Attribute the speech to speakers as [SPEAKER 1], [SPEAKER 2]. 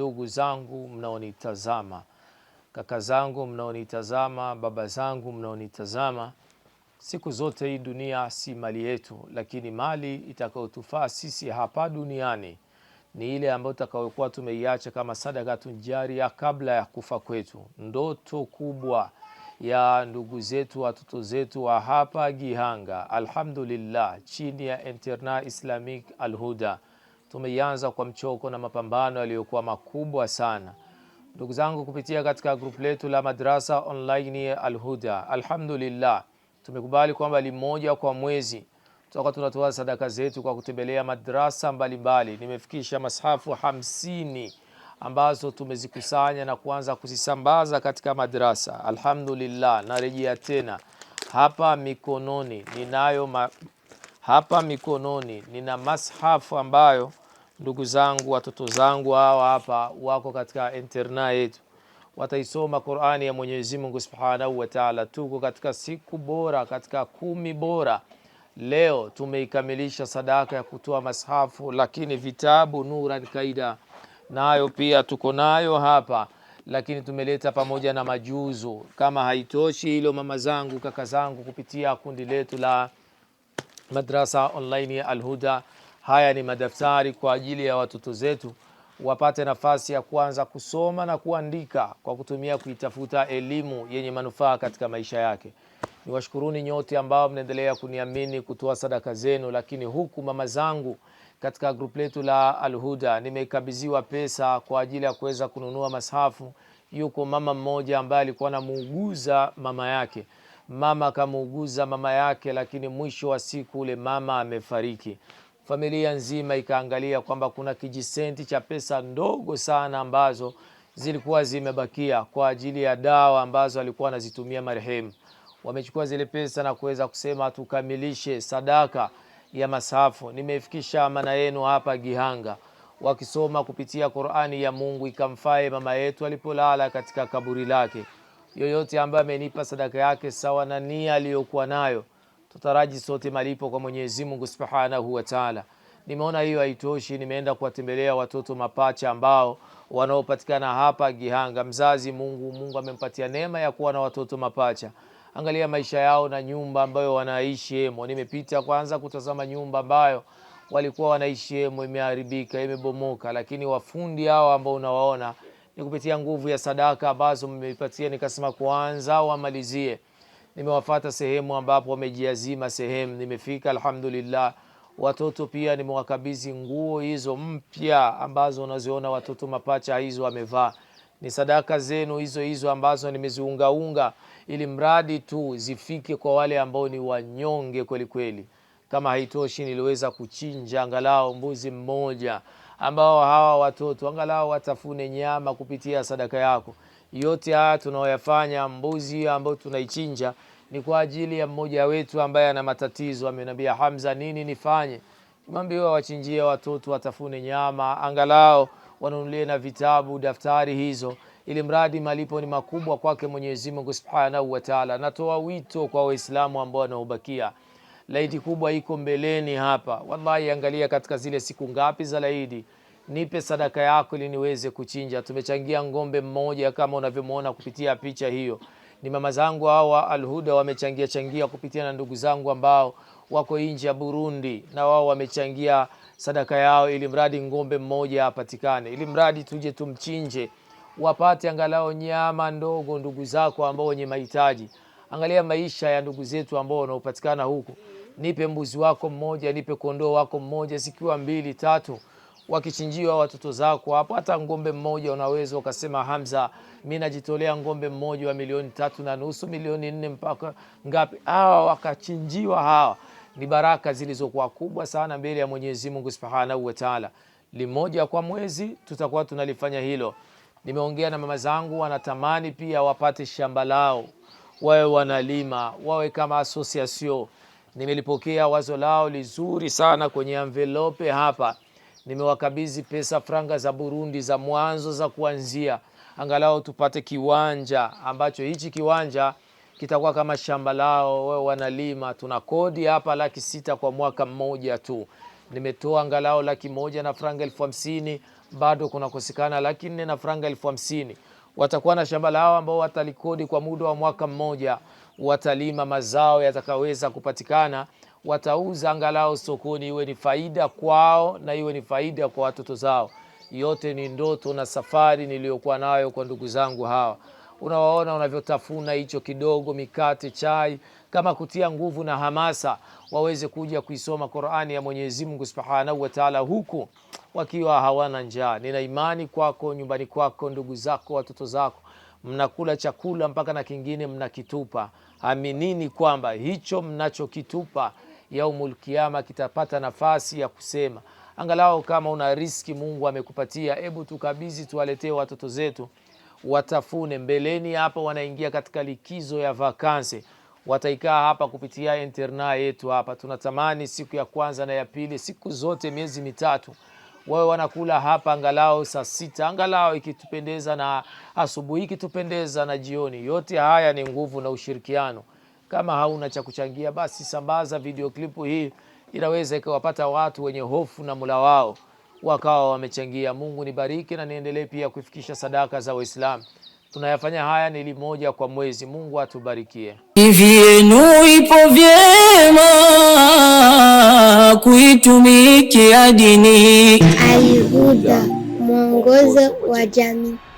[SPEAKER 1] ndugu zangu mnaonitazama, kaka zangu mnaonitazama, baba zangu mnaonitazama, siku zote hii dunia si mali yetu, lakini mali itakayotufaa sisi hapa duniani ni ile ambayo tutakayokuwa tumeiacha kama sadaka tunjaria kabla ya kufa kwetu. Ndoto kubwa ya ndugu zetu watoto zetu wa hapa Gihanga, alhamdulillah, chini ya Interna Islamic Alhuda tumeianza kwa mchoko na mapambano yaliyokuwa makubwa sana. Ndugu zangu, kupitia katika grupu letu la madrasa online Alhuda, alhamdulillah tumekubali kwamba limoja kwa mwezi tutakuwa tunatoa sadaka zetu kwa kutembelea madrasa mbalimbali Nimefikisha mashafu hamsini ambazo tumezikusanya na kuanza kuzisambaza katika madrasa alhamdulillah. Narejea tena hapa mikononi ninayo ma... hapa mikononi nina mashafu ambayo ndugu zangu, watoto zangu hawa hapa wako katika interna yetu, wataisoma Qur'ani ya Mwenyezi Mungu Subhanahu wa Ta'ala. Tuko katika siku bora, katika kumi bora. Leo tumeikamilisha sadaka ya kutoa mashafu, lakini vitabu Nuran Kaida nayo pia tuko nayo hapa, lakini tumeleta pamoja na majuzu Kama haitoshi hilo, mama zangu, kaka zangu, kupitia kundi letu la madrasa online ya Alhuda Haya ni madaftari kwa ajili ya watoto zetu wapate nafasi ya kuanza kusoma na kuandika kwa kutumia kuitafuta elimu yenye manufaa katika maisha yake. Niwashukuruni nyote ambao mnaendelea kuniamini kutoa sadaka zenu, lakini huku mama zangu katika grupu letu la Alhuda nimekabidhiwa pesa kwa ajili ya kuweza kununua masafu Yuko mama mmoja ambaye alikuwa anamuuguza mama yake, mama akamuuguza mama yake, lakini mwisho wa siku ule mama amefariki familia nzima ikaangalia kwamba kuna kijisenti cha pesa ndogo sana ambazo zilikuwa zimebakia kwa ajili ya dawa ambazo alikuwa anazitumia marehemu. Wamechukua zile pesa na kuweza kusema tukamilishe sadaka ya masafu, nimefikisha amana yenu hapa Gihanga, wakisoma kupitia Qur'ani ya Mungu ikamfae mama yetu alipolala katika kaburi lake. Yoyote ambaye amenipa sadaka yake sawa na nia aliyokuwa nayo tutaraji sote malipo kwa Mwenyezi Mungu Subhanahu wa Ta'ala. Nimeona hiyo haitoshi, nimeenda kuwatembelea watoto mapacha ambao wanaopatikana hapa Gihanga. Mzazi Mungu, Mungu amempatia neema ya kuwa na watoto mapacha. Angalia maisha yao na nyumba ambayo wanaishi hemo. Nimepita kwanza kutazama nyumba ambayo walikuwa wanaishi hemo, imeharibika, imebomoka, lakini wafundi hao ambao unawaona ni kupitia nguvu ya sadaka ambazo mmeipatia, nikasema kwanza wamalizie nimewafata sehemu ambapo wamejiazima sehemu, nimefika alhamdulillah. Watoto pia nimewakabizi nguo hizo mpya ambazo unaziona watoto mapacha hizo wamevaa. Ni sadaka zenu hizo hizo ambazo nimeziungaunga, ili mradi tu zifike kwa wale ambao ni wanyonge kweli kweli. Kama haitoshi, niliweza kuchinja angalau mbuzi mmoja ambao hawa watoto angalau watafune nyama kupitia sadaka yako. Yote haya tunaoyafanya, mbuzi ambayo tunaichinja ni kwa ajili ya mmoja wetu ambaye ana matatizo. Ameniambia Hamza, nini nifanye? Nimeambiwa wachinjie watoto, watafune nyama, angalau wanunulie na vitabu, daftari hizo, ili mradi malipo ni makubwa kwake Mwenyezi Mungu Subhanahu wa Ta'ala. Natoa wito kwa Waislamu ambao wanaobakia laiti kubwa iko mbeleni hapa, wallahi, angalia katika zile siku ngapi za laidi, nipe sadaka yako ili niweze kuchinja. Tumechangia ng'ombe mmoja kama unavyomwona kupitia picha hiyo, ni mama zangu hawa Alhuda wamechangia changia kupitia na ndugu zangu ambao wako nje ya Burundi, na wao wamechangia sadaka yao, ili mradi ng'ombe mmoja apatikane, ili mradi tuje tumchinje, wapate angalau nyama ndogo, ndugu zako ambao wenye mahitaji. Angalia maisha ya ndugu zetu ambao wanaopatikana huku nipe mbuzi wako mmoja, nipe kondoo wako mmoja, zikiwa mbili tatu, wakichinjiwa watoto zako hapo. Hata ng'ombe mmoja unaweza ukasema, Hamza, mi najitolea ng'ombe mmoja wa milioni tatu na nusu, milioni nne, mpaka ngapi, hawa wakachinjiwa. Hawa ni baraka zilizokuwa kubwa sana mbele ya Mwenyezi Mungu Subhanahu wa Ta'ala. Limoja kwa mwezi tutakuwa tunalifanya hilo. Nimeongea na mama zangu, wanatamani pia wapate shamba lao, wawe wanalima, wawe kama association nimelipokea wazo lao lizuri sana kwenye anvelope hapa. Nimewakabidhi pesa franga za Burundi za mwanzo za kuanzia, angalau tupate kiwanja ambacho hichi kiwanja kitakuwa kama shamba lao, wao wanalima. Tuna kodi hapa laki sita kwa mwaka mmoja tu. Nimetoa angalau laki moja na franga elfu hamsini bado kunakosekana laki nne na franga elfu hamsini Watakuwa na shamba lao ambao watalikodi kwa muda wa mwaka mmoja watalima mazao yatakaweza kupatikana, watauza angalau sokoni, iwe ni faida kwao na iwe ni faida kwa watoto zao. Yote ni ndoto na safari niliyokuwa nayo kwa ndugu zangu hawa. Unawaona unavyotafuna hicho kidogo, mikate, chai, kama kutia nguvu na hamasa waweze kuja kuisoma Qur'ani ya Mwenyezi Mungu Subhanahu wataala huku wakiwa hawana njaa. Nina imani kwako, nyumbani kwako, ndugu zako, watoto zako mnakula chakula mpaka na kingine mnakitupa. Aminini kwamba hicho mnachokitupa yaumul kiama kitapata nafasi ya kusema. Angalau kama una riski Mungu amekupatia, hebu tukabizi tuwaletee watoto zetu watafune. Mbeleni hapa wanaingia katika likizo ya vakanse wataikaa hapa kupitia interna yetu hapa. Tunatamani siku ya kwanza na ya pili, siku zote, miezi mitatu wawe wanakula hapa angalau saa sita, angalau ikitupendeza na asubuhi, ikitupendeza na jioni. Yote haya ni nguvu na ushirikiano. Kama hauna cha kuchangia, basi sambaza video klipu hii, inaweza ikawapata watu wenye hofu na mula wao wakawa wamechangia. Mungu nibariki na niendelee pia kufikisha sadaka za Waislamu tunayafanya haya ni limoja kwa mwezi. Mungu atubarikie.
[SPEAKER 2] Hivi yenu ipo vyema kuitumikia dini. Al-Huda, mwongozo wa jamii.